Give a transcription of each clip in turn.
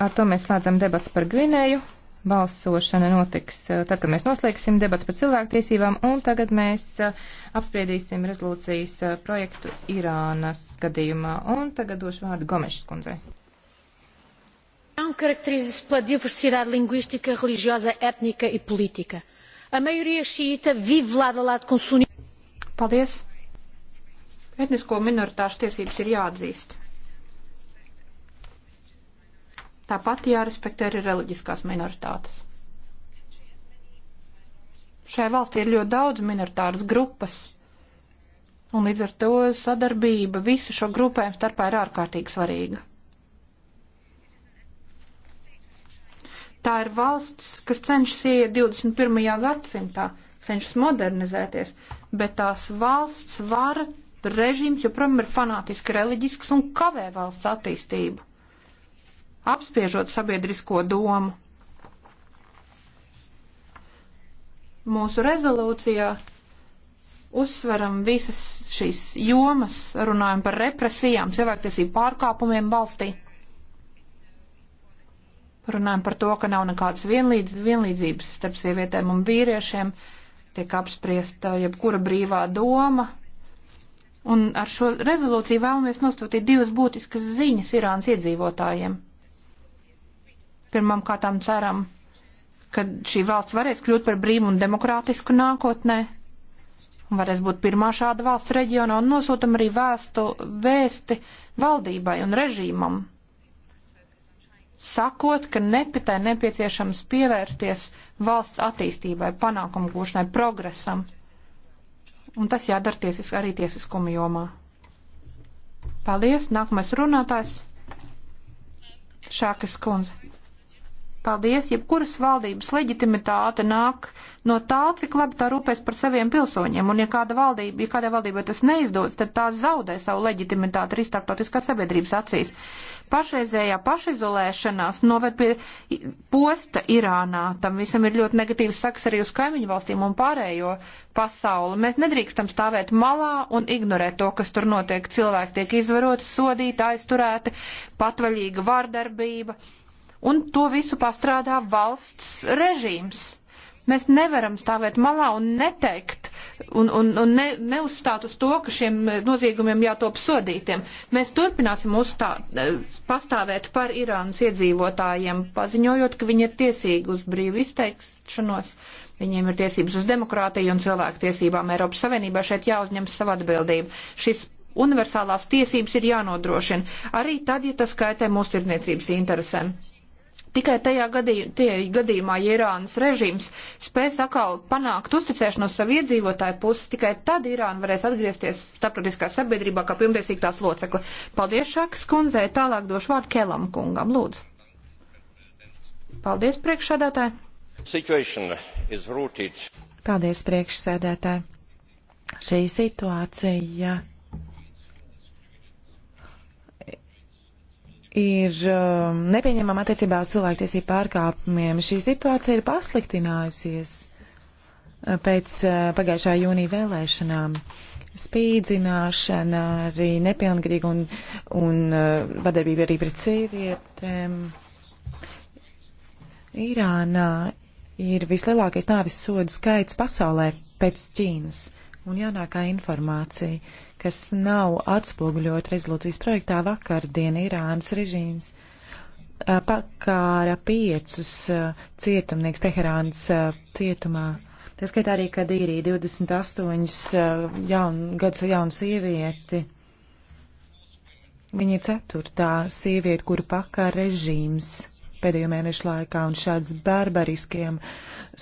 Ar to mēs slēdzam debats par Gvinēju. Balsošana notiks eh, tad, kad mēs noslēgsim debats par cilvēktiesībām, un tagad mēs eh, apspriedīsim rezolūcijas eh, projektu Irānas gadījumā. Un tagad došu vārdu Gomešas kundzei. Caracteriza-se pela diversidade linguística, religiosa, étnica e política. A maioria xiita vive lado a lado com sunitas. Paldies! Etnisko minoritāšu tiesības ir jāatzīst. Tāpat jārespektē arī reliģiskās minoritātes. Šai valstī ir ļoti daudz minoritāras grupas, un līdz ar to sadarbība visu šo grupējumu starpā ir ārkārtīgi svarīga. Tā ir valsts, kas cenšas ieiet 21. gadsimtā, cenšas modernizēties, bet tās valsts vara režīms joprojām ir fanātiski reliģisks un kavē valsts attīstību apspiežot sabiedrisko domu. Mūsu rezolūcijā uzsveram visas šīs jomas, runājam par represijām, cilvēktiesību pārkāpumiem valstī. Runājam par to, ka nav nekādas vienlīdz, vienlīdzības starp sievietēm un vīriešiem, tiek apspriesta jebkura brīvā doma. Un ar šo rezolūciju vēlamies nostūtīt divas būtiskas ziņas Irānas iedzīvotājiem. Pirmām kārtām ceram, ka šī valsts varēs kļūt par brīvu un demokrātisku nākotnē, un varēs būt pirmā šāda valsts reģionā, un nosūtam arī vēstu, vēsti valdībai un režīmam, sakot, ka nepitai nepieciešams pievērsties valsts attīstībai, panākumu gūšanai, progresam, un tas jādara tiesis, arī tiesiskuma jomā. Paldies, nākamais runātājs. Šākas kundze. Paldies, jebkuras valdības leģitimitāte nāk no tā, cik labi tā rūpēs par saviem pilsoņiem, un ja kāda valdība, ja kādā valdībā tas neizdodas, tad tā zaudē savu leģitimitāti arī starptautiskā sabiedrības acīs. Pašreizējā pašizolēšanās noved pie posta Irānā, tam visam ir ļoti negatīvs saks arī uz kaimiņu valstīm un pārējo pasauli. Mēs nedrīkstam stāvēt malā un ignorēt to, kas tur notiek. Cilvēki tiek izvaroti, sodīti, aizturēti, patvaļīga vardarbība un to visu pastrādā valsts režīms. Mēs nevaram stāvēt malā un neteikt un, un, un ne, neuzstāt uz to, ka šiem noziegumiem jātop sodītiem. Mēs turpināsim uzstāt, pastāvēt par Irānas iedzīvotājiem, paziņojot, ka viņi ir tiesīgi uz brīvu izteikšanos, Viņiem ir tiesības uz demokrātiju un cilvēku tiesībām. Eiropas Savienībā šeit jāuzņem savu atbildību. Šis universālās tiesības ir jānodrošina, arī tad, ja tas kaitē mūsu tirdzniecības interesēm. Tikai tajā gadījumā, tie, gadījumā ja Irānas režīms spēs atkal panākt uzticēšanos savu iedzīvotāju puses, tikai tad Irāna varēs atgriezties starptautiskā sabiedrībā kā pilntiesīgās locekli. Paldies Šakas kundzei, tālāk došu vārdu Kelam kungam, lūdzu. Paldies priekšsēdētāji. Paldies priekšsēdētāji. Šī situācija ir uh, um, nepieņemama attiecībā uz cilvēktiesību pārkāpumiem. Šī situācija ir pasliktinājusies uh, pēc uh, pagājušā jūnija vēlēšanām. Spīdzināšana, arī nepilngadīga un, un uh, vadarbība arī pret sievietēm. Irānā ir vislielākais nāvis sodu skaits pasaulē pēc Ķīnas un jaunākā informācija. Uh, kas nav atspoguļot rezolūcijas projektā vakardien Irānas režīms pakāra piecus cietumnieks Teherānas cietumā. Tā skaitā arī Kadīrī 28 jaun, gadus jaunu sievieti. Viņa ir ceturtā sieviete, kuru pakar režīms pēdējo mēnešu laikā, un šāds barbariskiem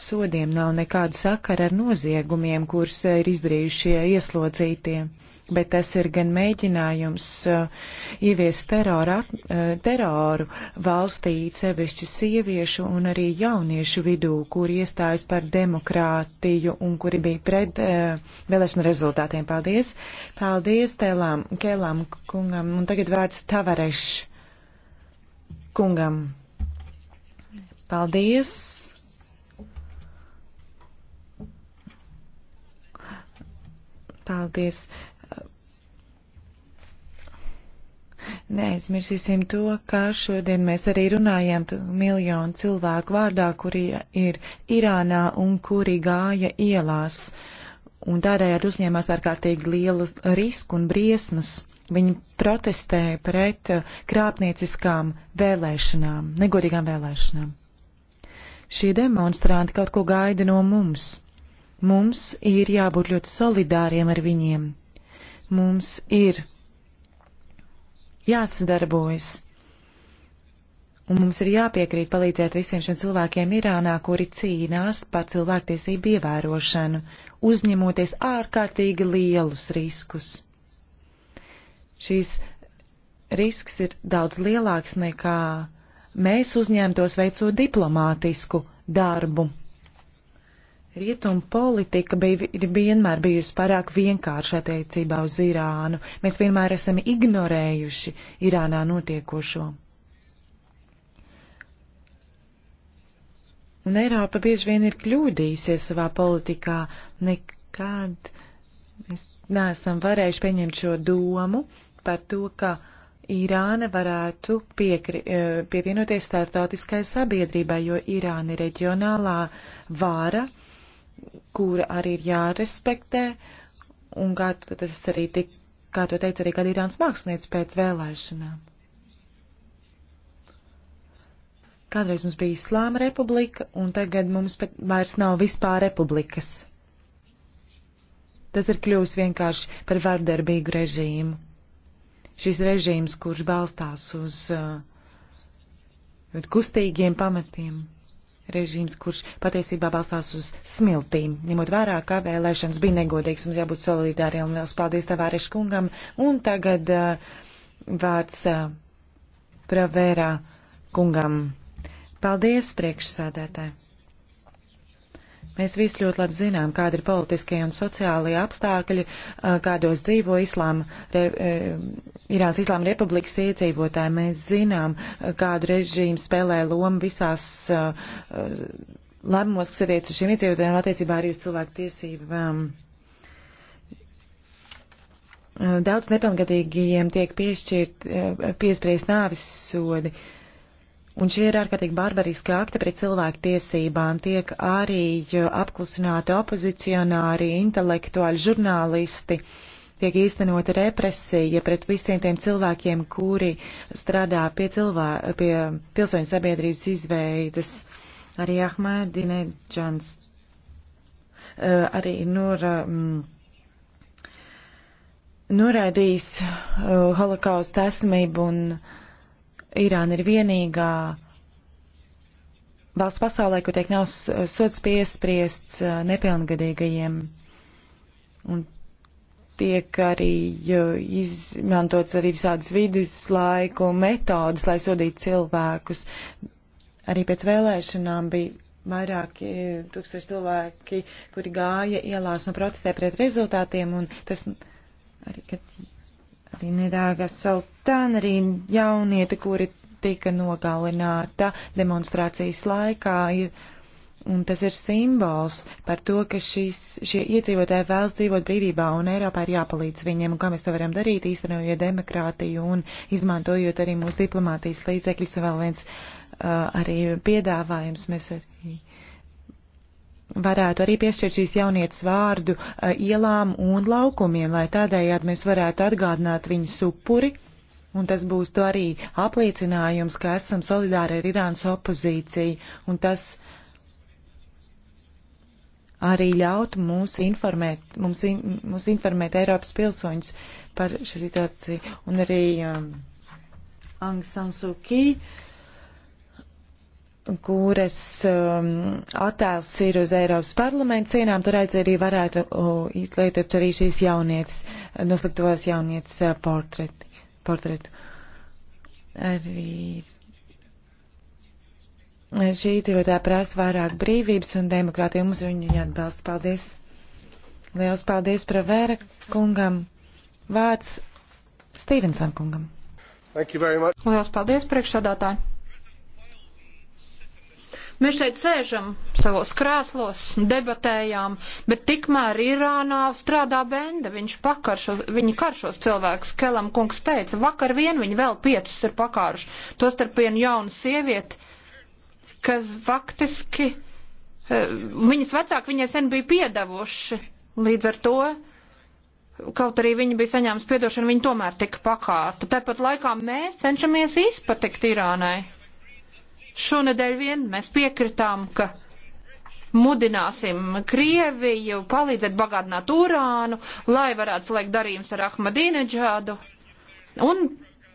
sodiem nav nekāda sakara ar noziegumiem, kurus ir izdarījušie ieslodzītie bet tas ir gan mēģinājums uh, ieviest terora, uh, teroru valstī, sevišķi sieviešu un arī jauniešu vidū, kur iestājas par demokrātiju un kuri bija pret uh, vēlēšanu rezultātiem. Paldies! Paldies Tēlām, Kēlām kungam un tagad vārds Tavareš kungam. Paldies! Paldies! Uh, Neaizmirsīsim to, ka šodien mēs arī runājam miljonu cilvēku vārdā, kuri ir Irānā un kuri gāja ielās. Un tādējādi uzņēmās ārkārtīgi lielas risku un briesmas. Viņi protestēja pret uh, krāpnieciskām vēlēšanām, negodīgām vēlēšanām. Šie demonstranti kaut ko gaida no mums. Mums ir jābūt ļoti solidāriem ar viņiem. Mums ir jāsadarbojas. Un mums ir jāpiekrīt palīdzēt visiem šiem cilvēkiem Irānā, kuri cīnās par cilvēktiesību ievērošanu, uzņemoties ārkārtīgi lielus riskus. Šīs risks ir daudz lielāks nekā mēs uzņemtos veicot diplomātisku darbu. Rietuma politika bija, ir vienmēr bijusi pārāk vienkārša attiecībā uz Irānu. Mēs vienmēr esam ignorējuši Irānā notiekošo. Un Eiropa bieži vien ir kļūdījusies savā politikā. Nekad mēs neesam varējuši pieņemt šo domu par to, ka Irāna varētu piekri, eh, pievienoties starptautiskai sabiedrībai, jo Irāna ir reģionālā vāra kura arī ir jārespektē, un kā tas arī tik, kā to teica arī Kadīrāns mākslinieks pēc vēlēšanām. Kādreiz mums bija Islāma republika, un tagad mums pat vairs nav vispār republikas. Tas ir kļuvis vienkārši par vardarbīgu režīmu. Šis režīms, kurš balstās uz uh, kustīgiem pamatiem režīms, kurš patiesībā balstās uz smiltīm. Ņemot vērā, ka vēlēšanas bija negodīgas, mums jābūt solidāriem. Liels paldies Tavāreša kungam. Un tagad uh, vārds uh, Pravērā kungam. Paldies, priekšsēdētāji! Mēs visi ļoti labi zinām, kāda ir politiskie un sociālie apstākļi, eh, kādos dzīvo Islāma, re, eh, Irānas Islāma republikas iedzīvotāji. Mēs zinām, eh, kādu režīmu spēlē lomu visās lēmumos, kas attiec uz šiem iedzīvotājiem attiecībā arī uz cilvēku tiesībām. Daudz nepilngadīgiem tiek piešķirt, piespriest nāvis sodi. Uh, Un šie ir ārkārtīgi barbariski akti pret cilvēku tiesībām. Tiek arī uh, apklusināti opozicionāri, intelektuāli, žurnālisti. Tiek īstenota represija pret visiem tiem cilvēkiem, kuri strādā pie, cilvē, pie pilsoņu sabiedrības izveidas. Arī Ahmedineģans, uh, arī Nur. Um, Noraidījis uh, holokausta esmību un uh, Irāna ir vienīgā valsts pasaulē, kur tiek nav eh, sots piespriests eh, nepilngadīgajiem. Un tiek arī izmantots arī visādas viduslaiku metodas, lai sodītu cilvēkus. Arī pēc vēlēšanām bija vairāki eh, tūkstoši cilvēki, kuri gāja ielās un protestē pret rezultātiem, un tas arī, kad arī Nidāga Sultāna, arī jaunieti, kuri tika nogalināta demonstrācijas laikā. Un tas ir simbols par to, ka šis, šie iedzīvotāji vēlas dzīvot brīvībā un Eiropā ir jāpalīdz viņiem. Un kā mēs to varam darīt, īstenojot demokrātiju un izmantojot arī mūsu diplomātijas līdzekļus. Vēl viens uh, arī piedāvājums mēs arī varētu arī piešķirt šīs jaunietes vārdu uh, ielām un laukumiem, lai tādējādi mēs varētu atgādināt viņas upuri. Un tas būs to arī apliecinājums, ka esam solidāri ar Irānas opozīciju. Un tas arī ļautu mums informēt, mums, in, mums informēt Eiropas pilsoņus par šo situāciju. Un arī um, Aung San Suu Kyi kuras um, attēls ir uz Eiropas parlamenta sienām, tur redz arī varētu uh, izlietot arī šīs jaunietes, nosliktavās jaunietes uh, portreti, portretu. Arī šī iedzīvotāja prasa vairāk brīvības un demokrātiju, mums viņi atbalsta. Paldies! Liels paldies Pravēra kungam! Vārds Stevenson kungam! Liels paldies priekšsādātāji! Mēs šeit sēžam savos krēslos, debatējām, bet tikmēr Irānā strādā benda. Viņš pakaršo, viņi karšos cilvēkus, Kelam kungs teica, vakar vien viņi vēl piecus ir pakāruši. Tostarp vienu jaunu sievieti, kas faktiski, eh, viņas vecāki viņai sen bija piedevuši. Līdz ar to kaut arī viņi bija saņēmusi piedošanu, viņi tomēr tika pakāta. Tāpat laikā mēs cenšamies izpatikt Irānai. Šonedēļ vien mēs piekritām, ka mudināsim Krieviju palīdzēt bagātināt urānu, lai varētu slēgt darījums ar Ahmadīneģādu. Un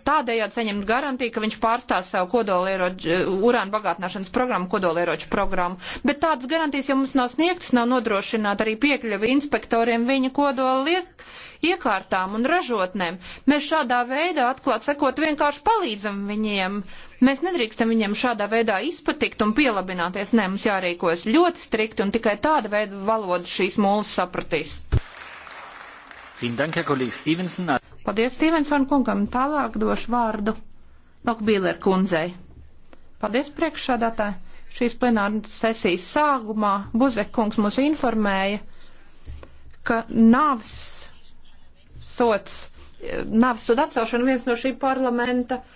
tādējādi saņemt garantiju, ka viņš pārstās savu kodolieroču, urāna bagātināšanas programmu, kodolieroču programmu. Bet tādas garantijas jau mums nav sniegtas, nav nodrošināta arī piekļuva inspektoriem viņa kodoliek iekārtām un ražotnēm. Mēs šādā veidā, atklāt sekot, vienkārši palīdzam viņiem uh, Mēs nedrīkstam viņiem šādā veidā izpatikt un pielabināties. Nē, mums jārīkojas ļoti strikti un tikai tāda veida valoda šīs mūlas sapratīs. Paldies, Stevenson kungam. Tālāk došu vārdu Lokbīler kundzei. Paldies, priekšsādātāji šīs plenāras sesijas sākumā Buzekungs mūs informēja, ka navs sots, navs soda atcelšana viens no šī parlamenta uh,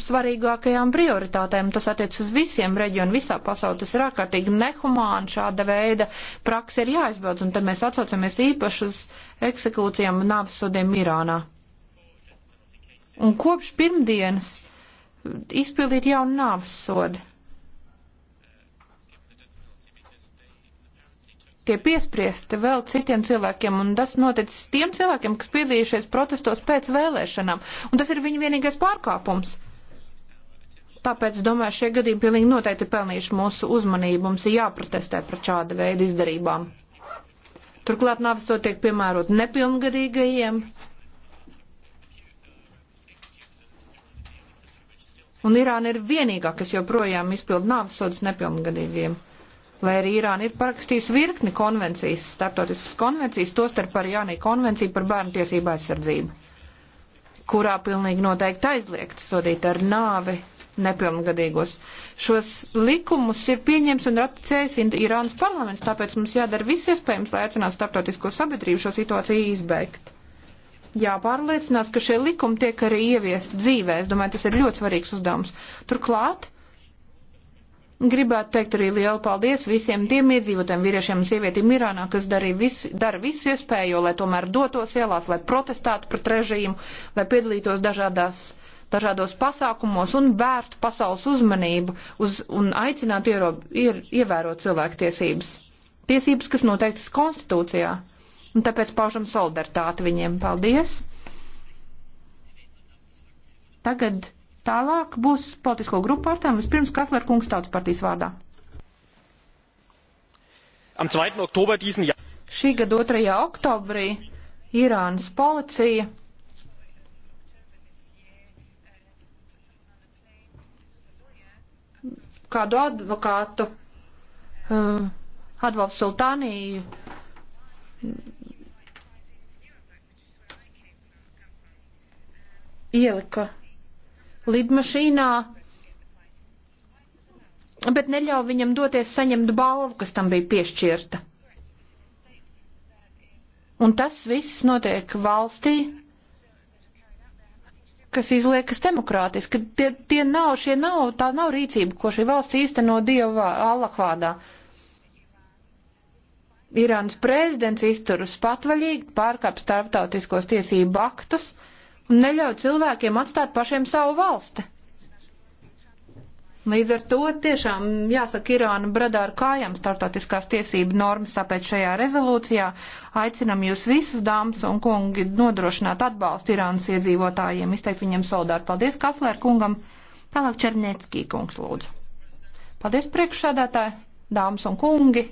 svarīgākajām prioritātēm. Tas attiec uz visiem reģioniem, visā pasaulē. Tas ir ārkārtīgi nehumāni šāda veida praksa ir jāizbeidz, un te mēs atsaucamies īpaši uz eksekūcijām un nāvesodiem Irānā. Un kopš pirmdienas izpildīt jaunu nāvesodu. tie piespriesti vēl citiem cilvēkiem, un tas noticis tiem cilvēkiem, kas piedalījušies protestos pēc vēlēšanām, un tas ir viņa vienīgais pārkāpums. Tāpēc, domāju, šie gadījumi pilnīgi noteikti pelnījuši mūsu uzmanību. Mums ir jāprotestē par šāda veida izdarībām. Turklāt nāvisot tiek piemērot nepilngadīgajiem. Un Irāna ir vienīgā, kas joprojām izpild nāvisodas nepilngadīgiem lai arī Irāna ir parakstījusi virkni konvencijas, startautiskas konvencijas, tostarp par Jānī konvenciju par bērnu tiesību aizsardzību kurā pilnīgi noteikti aizliegts sodīt ar nāvi nepilngadīgos. Šos likumus ir pieņems un ratificējis Irānas parlaments, tāpēc mums jādara viss iespējams, lai aicinātu starptautisko sabiedrību šo situāciju izbeigt. Jāpārliecinās, ka šie likumi tiek arī ieviesti dzīvē. Es domāju, tas ir ļoti svarīgs uzdevums. Turklāt Gribētu teikt arī lielu paldies visiem tiem iedzīvotājiem, vīriešiem un sievietēm Irānā, kas visu, dara visu iespējo, lai tomēr dotos ielās, lai protestētu pret režīmu, lai piedalītos dažādās dažādos pasākumos un vērstu pasaules uzmanību uz, un aicinātu iero, ier, ievērot cilvēktiesības. Tiesības, kas noteiktas konstitūcijā. Un tāpēc paužam solidaritāti viņiem. Paldies! Tagad Tālāk būs politisko grupu pārstāvjiem. Vispirms Kaslēr kungs tautas partijas vārdā. Diesen... Šī gada 2. oktobrī Irānas policija kādu advokātu uh, Advalfu Sultāniju mm, ielika lidmašīnā, bet neļauj viņam doties saņemt balvu, kas tam bija piešķirta. Un tas viss notiek valstī, kas izliekas demokrātiski. Tie, tie nav, šie nav, tā nav rīcība, ko šī valsts īsteno Dieva Allahvādā. Irānas prezidents izturas patvaļīgi, pārkāp starptautiskos tiesību aktus. Uh, un neļauj cilvēkiem atstāt pašiem savu valsti. Līdz ar to tiešām jāsaka Irāna bradā ar kājām startautiskās tiesību normas, tāpēc šajā rezolūcijā aicinam jūs visus, dāmas un kungi, nodrošināt atbalstu Irānas iedzīvotājiem, izteikt viņiem soldāru. Paldies Kaslēr kungam, tālāk Černieckī kungs lūdzu. Paldies priekšsēdētāji, dāmas un kungi,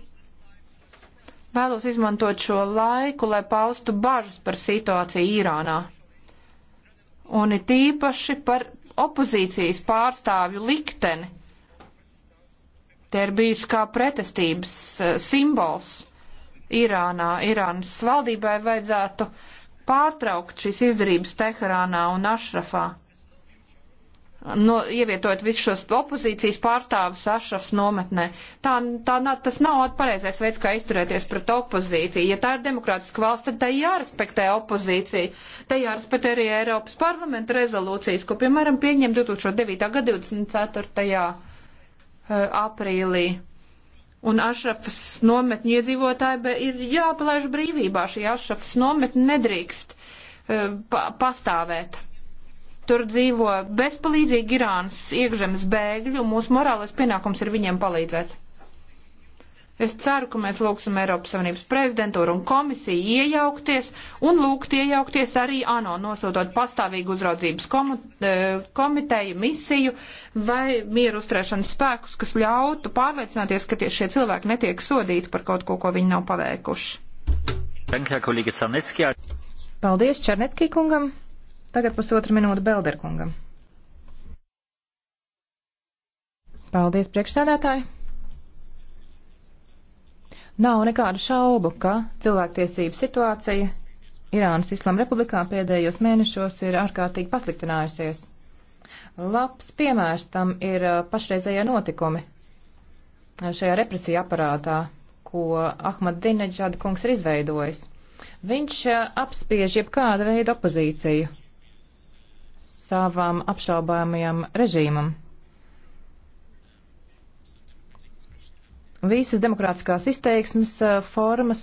vēlos izmantot šo laiku, lai paustu bažas par situāciju Irānā un it īpaši par opozīcijas pārstāvju likteni. Te ir bijis kā pretestības eh, simbols Irānā. Irānas valdībai vajadzētu pārtraukt šīs izdarības Teherānā un Ašrafā no, ievietojot visus šos opozīcijas pārstāvus Ašrafs nometnē. Tā, tā, tas nav pareizais veids, kā izturēties pret opozīciju. Ja tā ir demokrātiska valsts, tad tai jārespektē opozīcija. Tai jārespektē arī Eiropas parlamenta rezolūcijas, ko, piemēram, pieņem 2009. gada 24. Eh, aprīlī. Un Ašrafas nometņu iedzīvotāji ir jāpalaiž brīvībā. Šī Ašrafas nometne nedrīkst eh, pa pastāvēt. Tur dzīvo bezpalīdzīgi Irānas iekšzemes bēgļi, un mūsu morālais pienākums ir viņiem palīdzēt. Es ceru, ka mēs lūgsim Eiropas Savienības prezidentūru un komisiju iejaukties un lūgt iejaukties arī ANO, nosūtot pastāvīgu uzraudzības eh, komiteju, misiju vai mieru uzturēšanas spēkus, kas ļautu pārliecināties, ka tieši šie cilvēki netiek sodīti par kaut ko, ko viņi nav paveikuši. Paldies Černecki kungam. Tagad pusotru minūtu Belderkungam. Paldies, priekšsēdētāji! Nav nekādu šaubu, ka cilvēktiesību situācija Irānas Islama Republikā pēdējos mēnešos ir ārkārtīgi pasliktinājusies. Labs piemērs tam ir uh, pašreizējie notikumi uh, šajā represija aparātā, ko Ahmad Dineģāda kungs ir izveidojis. Viņš uh, apspiež jebkāda veida opozīciju, savam apšaubāmajam režīmam. Visas demokrātiskās izteiksmes uh, formas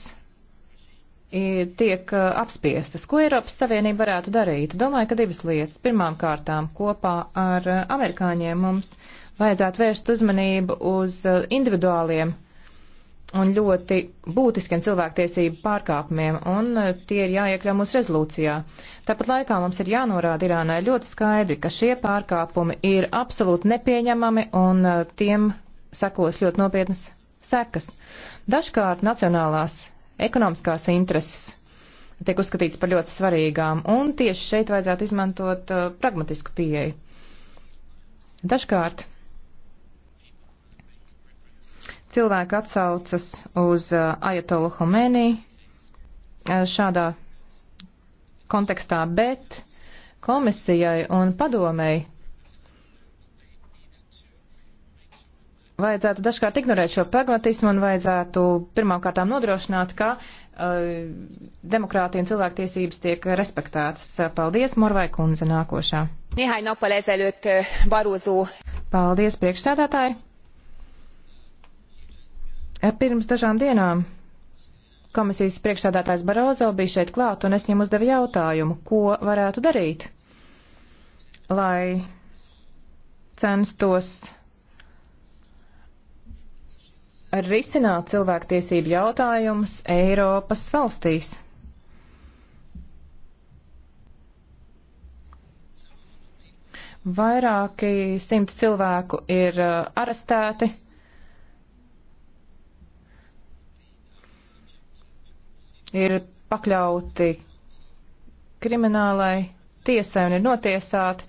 tiek uh, apspiestas. Ko Eiropas Savienība varētu darīt? Domāju, ka divas lietas. Pirmām kārtām kopā ar uh, amerikāņiem mums vajadzētu vērst uzmanību uz individuāliem un ļoti būtiskiem cilvēktiesību pārkāpumiem, un eh, tie ir jāiekļau mūsu rezolūcijā. Tāpat laikā mums ir jānorāda Irānai ļoti skaidri, ka šie pārkāpumi ir absolūti nepieņemami, un eh, tiem sekos ļoti nopietnas sekas. Dažkārt nacionālās ekonomiskās intereses tiek uzskatīts par ļoti svarīgām, un tieši šeit vajadzētu izmantot uh, pragmatisku pieeju. Dažkārt cilvēki atsaucas uz uh, Ajatolu Homēnī uh, šādā kontekstā, bet komisijai un padomēji vajadzētu dažkārt ignorēt šo pragmatismu un vajadzētu pirmkārtām nodrošināt, ka uh, demokrātija un cilvēktiesības tiek respektētas. Paldies, Morvai kundze, nākošā. Nihāj nappal ezelőtt uh, Barozó. Paldies, priekšsēdētāji. Eh, pirms dažām dienām komisijas priekšsādātājs Barozo bija šeit klāt, un es viņam uzdevu jautājumu, ko varētu darīt, lai censtos risināt cilvēktiesību jautājumus Eiropas valstīs. Vairāki simti cilvēku ir eh, arestēti ir pakļauti kriminālai tiesai un ir notiesāti.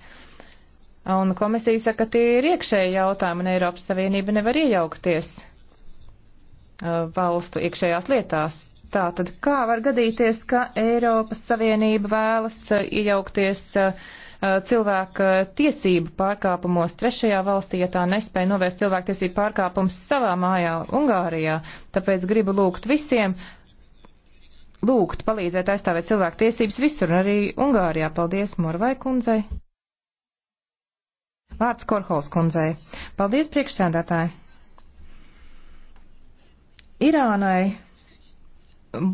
Un komisija saka, ka tie ir iekšēji jautājumi un Eiropas Savienība nevar iejaukties uh, valstu iekšējās lietās. Tātad kā var gadīties, ka Eiropas Savienība vēlas uh, iejaukties uh, cilvēka tiesību pārkāpumos trešajā valstī, ja tā nespēja novērst cilvēku tiesību pārkāpumus savā mājā Ungārijā? Tāpēc gribu lūgt visiem lūgt palīdzēt aizstāvēt cilvēku tiesības visur, arī Ungārijā. Paldies Morvai kundzei. Vārds Korhols kundzei. Paldies priekšsēdētāji. Irānai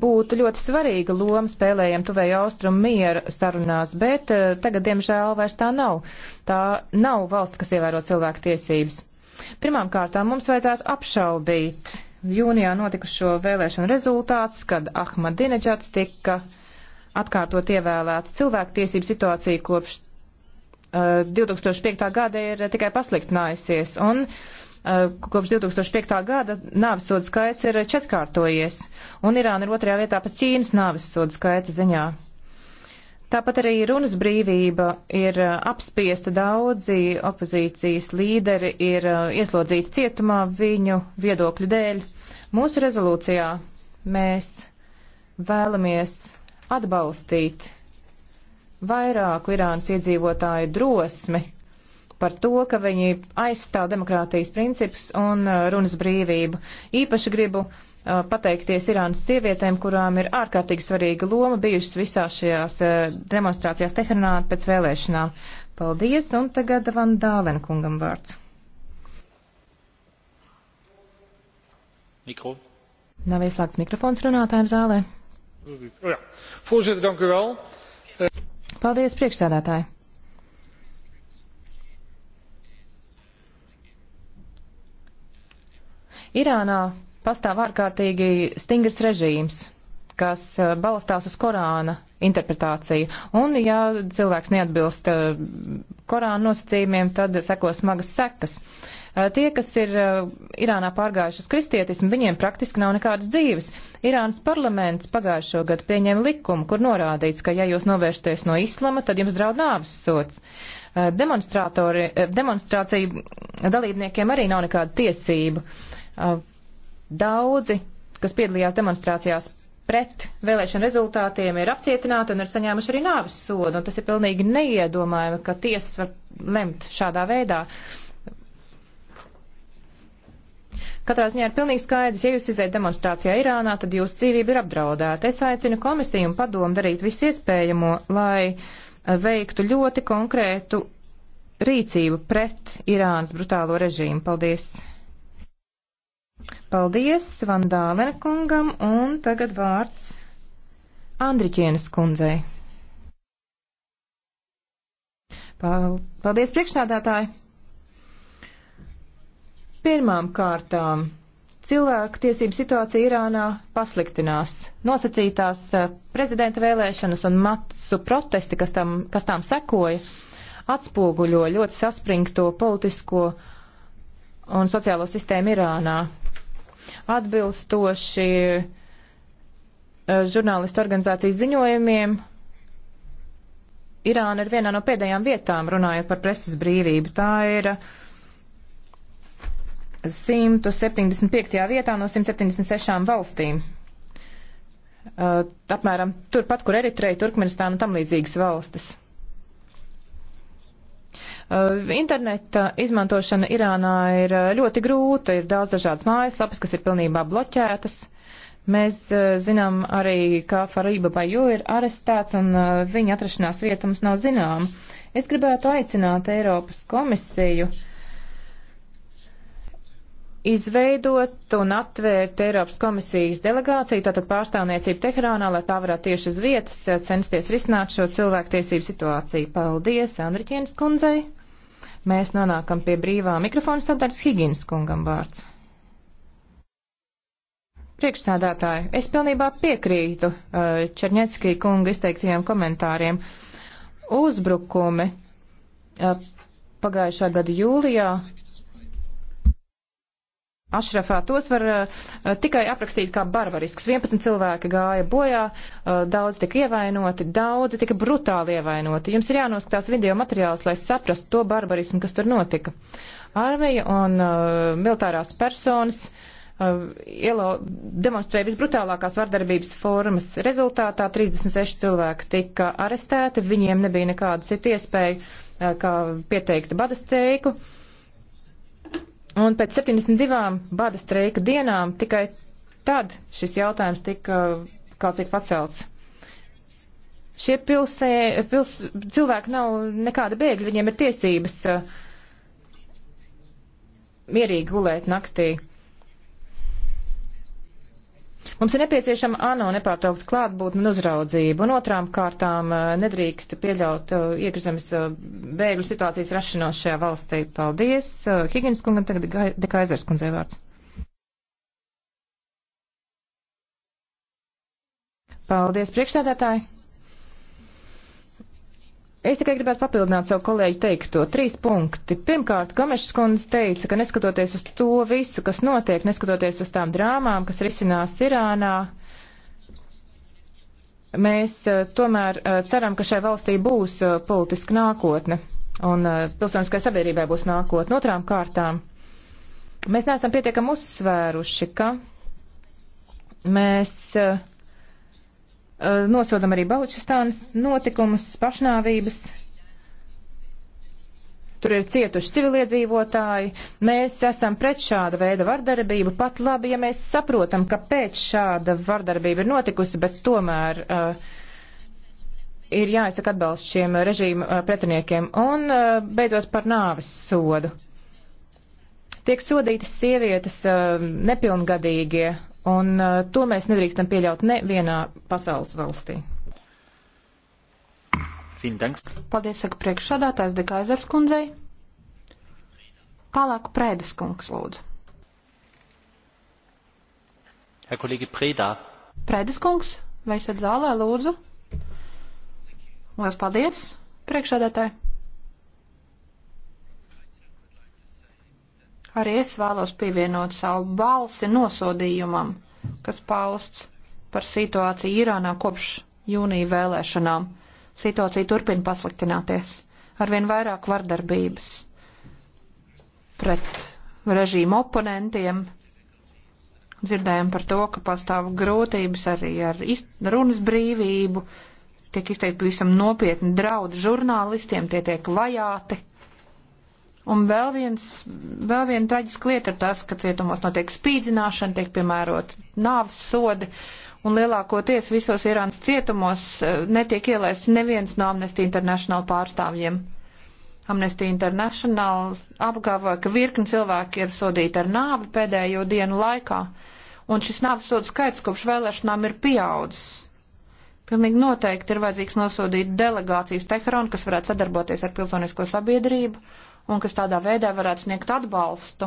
būtu ļoti svarīga loma spēlējam tuvēju austrumu miera sarunās, bet eh, tagad, diemžēl, vairs tā nav. Tā nav valsts, kas ievēro cilvēku tiesības. Pirmām kārtām mums vajadzētu apšaubīt jūnijā notikušo vēlēšanu rezultāts, kad Ahmadineģats tika atkārtot ievēlēts. Cilvēktiesību situācija kopš uh, 2005. gada ir tikai pasliktinājusies, un uh, kopš 2005. gada nāvisodu skaits ir četrkārtojies, un Irāna ir otrajā vietā pēc Ķīnas nāvisodu skaita ziņā. Tāpat arī runas brīvība ir uh, apspiesta daudzi opozīcijas līderi ir uh, ieslodzīti cietumā viņu viedokļu dēļ. Mūsu rezolūcijā mēs vēlamies atbalstīt vairāku Irānas iedzīvotāju drosmi par to, ka viņi aizstāv demokrātijas principus un uh, runas brīvību. Īpaši gribu Uh, pateikties Irānas sievietēm, kurām ir ārkārtīgi svarīga loma bijušas visās šajās uh, demonstrācijās Teheranā pēc vēlēšanām. Paldies, un tagad Van Dālen kungam vārds. Mikro. Nav ieslēgts mikrofons runātājiem zālē. Oh, jā. Voorzitter, dank u wel. Paldies, priekšsēdētāji. Irānā pastāv ārkārtīgi stingrs režīms, kas eh, balstās uz Korāna interpretāciju. Un, ja cilvēks neatbilst eh, Korāna nosacījumiem, tad seko smagas sekas. Eh, tie, kas ir Irānā pārgājuši uz kristietismu, viņiem praktiski nav nekādas dzīves. Irānas parlaments pagājušo gadu pieņēma likumu, kur norādīts, ka ja jūs novēršaties no islama, tad jums draud nāves sots demonstrātori, demonstrāciju dalībniekiem arī nav nekāda tiesība. Daudzi, kas piedalījās demonstrācijās pret vēlēšanu rezultātiem, ir apcietināti un ir saņēmuši arī nāvis sodu, un tas ir pilnīgi neiedomājami, ka tiesas var lemt šādā veidā. Katrā ziņā ir pilnīgi skaidrs, ja jūs iziet demonstrācijā Irānā, tad jūsu dzīvība ir apdraudēta. Es aicinu komisiju un padomu darīt visu iespējamo, lai veiktu ļoti konkrētu rīcību pret Irānas brutālo režīmu. Paldies! Paldies Vandālena kungam un tagad vārds Andriķienes kundzei. Paldies priekšstādātāji! Pirmām kārtām cilvēku tiesību situācija Irānā pasliktinās. Nosacītās eh, prezidenta vēlēšanas un masu protesti, kas, tam, kas tām sekoja, atspoguļo ļoti saspringto politisko un sociālo sistēmu Irānā. Atbilstoši eh, žurnālistu organizācijas ziņojumiem, Irāna ir vienā no pēdējām vietām runājot par preses brīvību. Tā ir 175. vietā no 176 valstīm. Uh, apmēram turpat, kur Eritreja, Turkmenistāna un tam līdzīgas valstis. Interneta izmantošana Irānā ir ļoti grūta, ir daudz dažādas mājaslapas, kas ir pilnībā bloķētas. Mēs zinām arī, ka Farība Baju ir arestēts un viņa atrašanās vieta mums nav zināma. Es gribētu aicināt Eiropas komisiju uh, izveidot un atvērt Eiropas komisijas delegāciju, tātad pārstāvniecību Teherānā, lai tā varētu tieši uz vietas eh, censties risināt šo cilvēktiesību situāciju. Paldies, Andriķienas kundzei. Mēs nonākam pie brīvā mikrofona sadaļas Higīnas kungam vārds. Priekšsādātāji, es pilnībā piekrītu uh, eh, Černieckī kunga izteiktajiem komentāriem. Uzbrukumi uh, pagājušā gada jūlijā Ašrafā tos var uh, tikai aprakstīt kā barbariskus. 11 cilvēki gāja bojā, uh, eh, daudz tika ievainoti, daudzi tika brutāli ievainoti. Jums ir jānoskatās video materiāls, lai saprastu to barbarismu, kas tur notika. Armija un uh, militārās personas uh, ielo, demonstrēja visbrutālākās vardarbības formas. Rezultātā 36 cilvēki tika arestēti, viņiem nebija nekāda cita iespēja, uh, kā pieteikt badasteiku. Uh, Un pēc 72 bada streika dienām tikai tad šis jautājums tika uh, kaut cik pacelts. Šie pilsē, pils, cilvēki nav nekāda bēgļa, viņiem ir tiesības uh, mierīgi gulēt naktī. Mums ir nepieciešama ANO nepārtraukta klātbūtne un uzraudzība, un otrām kārtām eh, nedrīkst pieļaut eh, iekšzemes eh, bēgļu situācijas rašanos šajā valstī. Paldies! Higgins kungam tagad Dekaizers kundzei vārds. Paldies, priekšsēdētāji! Es tikai gribētu papildināt savu kolēģi teikto. Trīs punkti. Pirmkārt, Gomešs kundze teica, ka neskatoties uz to visu, kas notiek, neskatoties uz tām drāmām, kas risinās Irānā, mēs eh, tomēr eh, ceram, ka šai valstī būs eh, politiska nākotne un pilsoniskai sabiedrībai būs nākotne. Otrām kārtām, mēs neesam pietiekam uzsvēruši, ka mēs uh, Eh, nosodam arī Balučistānas notikumus, pašnāvības. Tur ir cietuši civiliedzīvotāji. Mēs esam pret šāda veida vardarbību, pat labi, ja mēs saprotam, kāpēc šāda vardarbība ir notikusi, bet tomēr uh, ir jāizsaka atbalsts šiem režīma eh, pretiniekiem un beidzot par nāves sodu. Tiek sodītas sievietes nepilngadīgie Un uh, to mēs nedrīkstam pieļaut nevienā pasaules valstī. Paldies, saka priekšsādātājs Dekaizers kundzei. Tālāk Prēdes kungs lūdzu. Herr kolēģi Prēdā. Prēdes kungs, vai esat zālē lūdzu? Lielas paldies, priekšsādātāji. Arī es vēlos pievienot savu balsi nosodījumam, kas pausts par situāciju Irānā kopš jūnija vēlēšanām. Situācija turpina pasliktināties. Arvien vairāk vardarbības pret režīmu oponentiem. Dzirdējām par to, ka pastāv grūtības arī ar runas brīvību, tiek izteikti pavisam nopietni draudi žurnālistiem, tie tiek vajāti. Un vēl, viens, vēl viena traģiska lieta ir tas, ka cietumos notiek spīdzināšana, tiek piemērot nāves sodi, un lielākoties visos Irānas cietumos e, netiek ielaists neviens no Amnesty International pārstāvjiem. Amnesty International apgalvoja, ka virkni cilvēki ir sodīti ar nāvi pēdējo dienu laikā, un šis nāves sodu skaits kopš vēlēšanām ir pieaudzis. Pilnīgi noteikti ir vajadzīgs nosodīt delegācijas Teheronu, kas varētu sadarboties ar pilsonisko sabiedrību un kas tādā veidā varētu sniegt atbalstu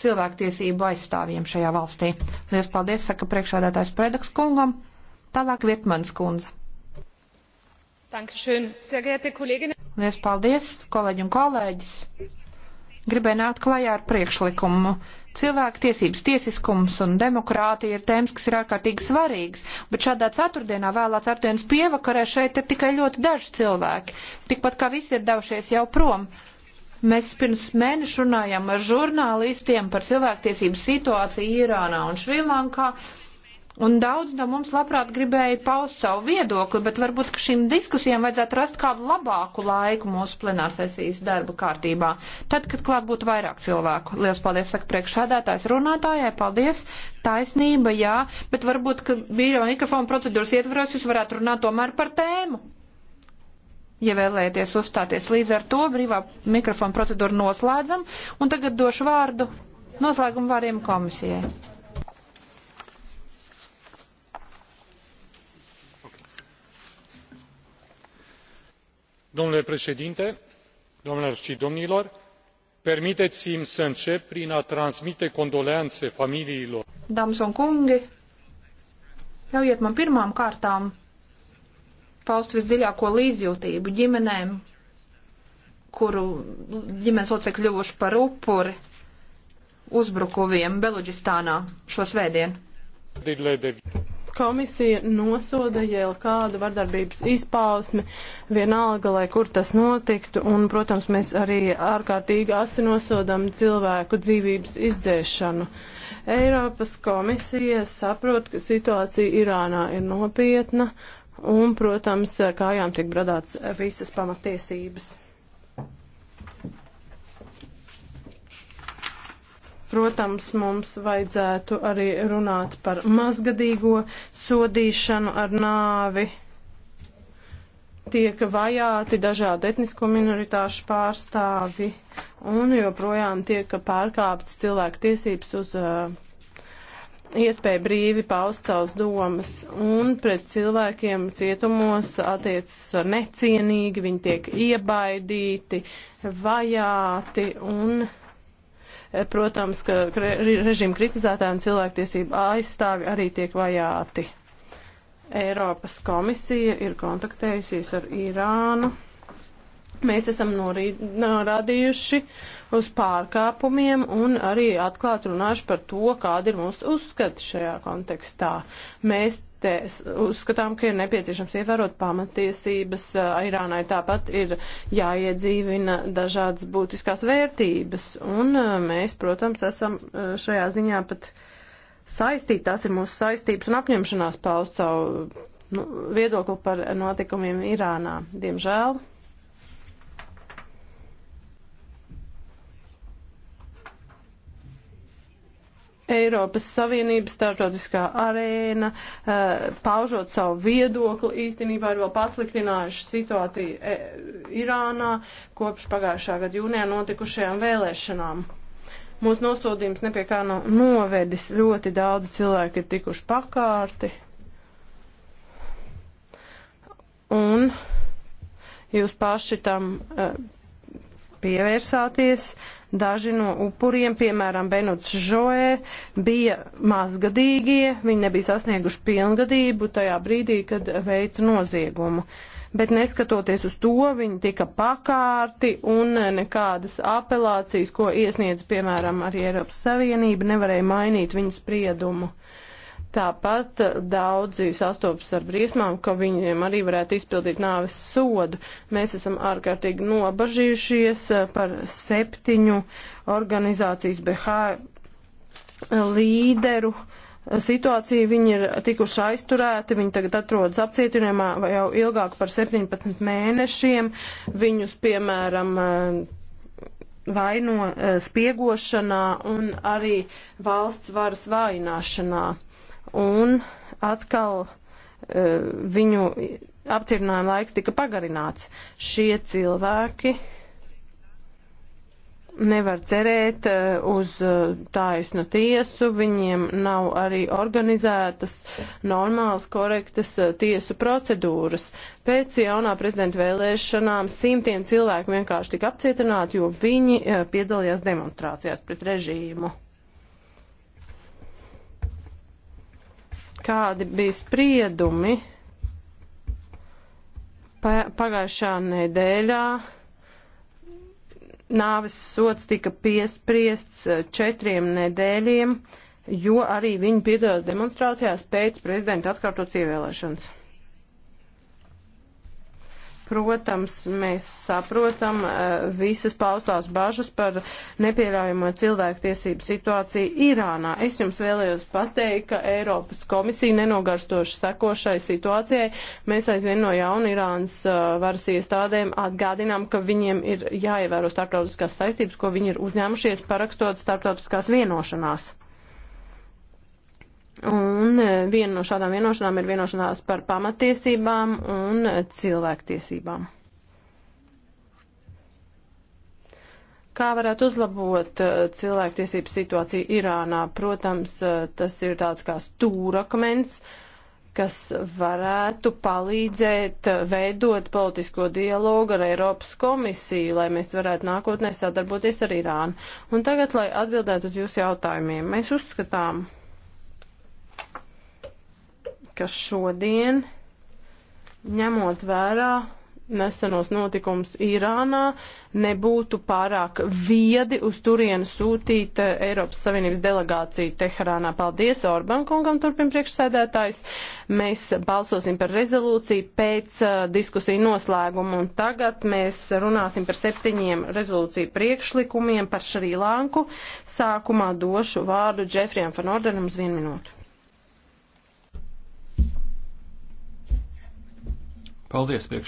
cilvēktiesību aizstāvjiem šajā valstī. Lielas paldies, saka priekšādātājs Predaks kungam, tālāk Vietmanas kundze. Lielas paldies, kolēģi un kolēģis. Gribēju nākt klajā ar priekšlikumu. Cilvēku tiesības, tiesiskums un demokrātija ir tēmas, kas ir ārkārtīgi svarīgas, bet šādā ceturtdienā vēlā ceturtdienas pievakarē šeit ir tikai ļoti daži cilvēki, tikpat kā visi ir devušies jau prom. Mēs pirms mēneša runājām ar žurnālistiem par cilvēktiesību situāciju Irānā un Šrilankā. Un daudz no mums labprāt gribēja paust savu viedokli, bet varbūt šīm diskusijām vajadzētu rast kādu labāku laiku mūsu plenārsesijas darba kārtībā. Tad, kad klāt būtu vairāk cilvēku. Lielas paldies, saka priekšsēdētājs runātājai, paldies, taisnība, jā, bet varbūt, ka bīro mikrofonu procedūras ietvaros jūs varētu runāt tomēr par tēmu. Ja vēlēties uzstāties līdz ar to, brīvā mikrofona procedūru noslēdzam, un tagad došu vārdu noslēgumu vāriem komisijai. Domnule președinte, domnilor și domnilor, permiteți mi să încep prin a transmite condoleanțe familiilor. Dāmas un kungi, ļaujiet man pirmām kārtām paust visdziļāko līdzjūtību ģimenēm, kuru ģimenes locekļi kļuvuši par upuri uzbrukumiem Beluģistānā šo svētdienu. Komisija nosoda jau kādu vardarbības izpausmi, vienalga, lai kur tas notiktu, un, protams, mēs arī ārkārtīgi asi nosodam cilvēku dzīvības izdzēšanu. Eiropas komisija saprot, ka situācija Irānā ir nopietna, un, protams, kājām tiek bradāts visas pamatiesības. Protams, mums vajadzētu arī runāt par mazgadīgo sodīšanu ar nāvi. Tiek vajāti dažādi etnisko minoritāšu pārstāvi un joprojām tiek pārkāptas cilvēku tiesības uz uh, iespēja brīvi paust savas domas, un pret cilvēkiem cietumos attiecas necienīgi, viņi tiek iebaidīti, vajāti, un, protams, ka režīmu kritizētāji un cilvēktiesību aizstāvi arī tiek vajāti. Eiropas komisija ir kontaktējusies ar Irānu. Mēs esam norīd, norādījuši uz pārkāpumiem un arī atklāt runāšu par to, kāda ir mūsu uzskata šajā kontekstā. Mēs te uzskatām, ka ir nepieciešams ievērot pamatiesības. Irānai tāpat ir jāiedzīvina dažādas būtiskās vērtības. Un mēs, protams, esam šajā ziņā pat saistīti. Tās ir mūsu saistības un apņemšanās paust savu nu, viedokli par notikumiem Irānā. Diemžēl Eiropas Savienības starptautiskā arēna, eh, paužot savu viedokli, īstenībā ir vēl pasliktinājuši situāciju eh, Irānā kopš pagājušā gada jūnijā notikušajām vēlēšanām. Mūsu nosodījums nepie kā nav novedis, ļoti daudzi cilvēki ir tikuši pakārti. Un jūs paši tam uh, pievērsāties. Daži no upuriem, piemēram, Benots Žoē, bija mazgadīgie, viņi nebija sasnieguši pilngadību tajā brīdī, kad veica noziegumu. Bet neskatoties uz to, viņi tika pakārti un nekādas apelācijas, ko iesniedz, piemēram, arī Eiropas Savienība, nevarēja mainīt viņas spriedumu. Uh, Tāpat eh, daudzi sastopas ar briesmām, ka viņiem arī varētu izpildīt nāves sodu. Mēs esam ārkārtīgi nobažījušies eh, par septiņu organizācijas BH līderu situāciju. Viņi ir tikuši aizturēti, viņi tagad atrodas apcietinājumā jau ilgāk par 17 mēnešiem. Viņus, piemēram, eh, vaino spiegošanā un arī valsts varas vājināšanā un atkal e, viņu apcietinājuma laiks tika pagarināts. Šie cilvēki nevar cerēt e, uz e, taisnu tiesu, viņiem nav arī organizētas normālas, korektas tiesu procedūras. Pēc jaunā prezidenta vēlēšanām simtiem cilvēku vienkārši tika apcietināti, jo viņi piedalījās demonstrācijās pret režīmu. kādi bija spriedumi pagājušā nedēļā. Nāves sots tika piespriests eh, četriem nedēļiem, jo arī viņi piedalās demonstrācijās pēc prezidenta atkārtotas ievēlēšanas. Protams, mēs saprotam eh, visas paustās bažas par nepieļaujamo cilvēktiesību situāciju Irānā. Es jums vēlējos pateikt, ka Eiropas komisija nenogarstoši sekošai situācijai. Mēs aizvien no jauna Irānas eh, varas iestādēm atgādinām, ka viņiem ir jāievēro starptautiskās saistības, ko viņi ir uzņēmušies parakstot starptautiskās vienošanās. Un e, viena no šādām vienošanām ir vienošanās par pamatiesībām un e, cilvēktiesībām. Kā varētu uzlabot e, cilvēktiesību situāciju Irānā? Protams, tas ir tāds kā stūrakmens, kas varētu palīdzēt veidot politisko dialogu ar Eiropas komisiju, lai mēs varētu nākotnē sadarboties ar Irānu. Un tagad, lai atbildētu uz jūsu jautājumiem, mēs uzskatām, ka šodien, ņemot vērā nesenos notikums Irānā, nebūtu pārāk viedi uz turienu sūtīt eh, Eiropas Savienības delegāciju Teherānā. Paldies Orban kungam turpin priekšsēdētājs. Mēs balsosim par rezolūciju pēc uh, diskusiju noslēguma un tagad mēs runāsim par septiņiem rezolūciju priekšlikumiem par Šrilanku. Sākumā došu vārdu Džefrijam Fanordenam uz vienu minūtu. Paldies, priekšsēdētāji!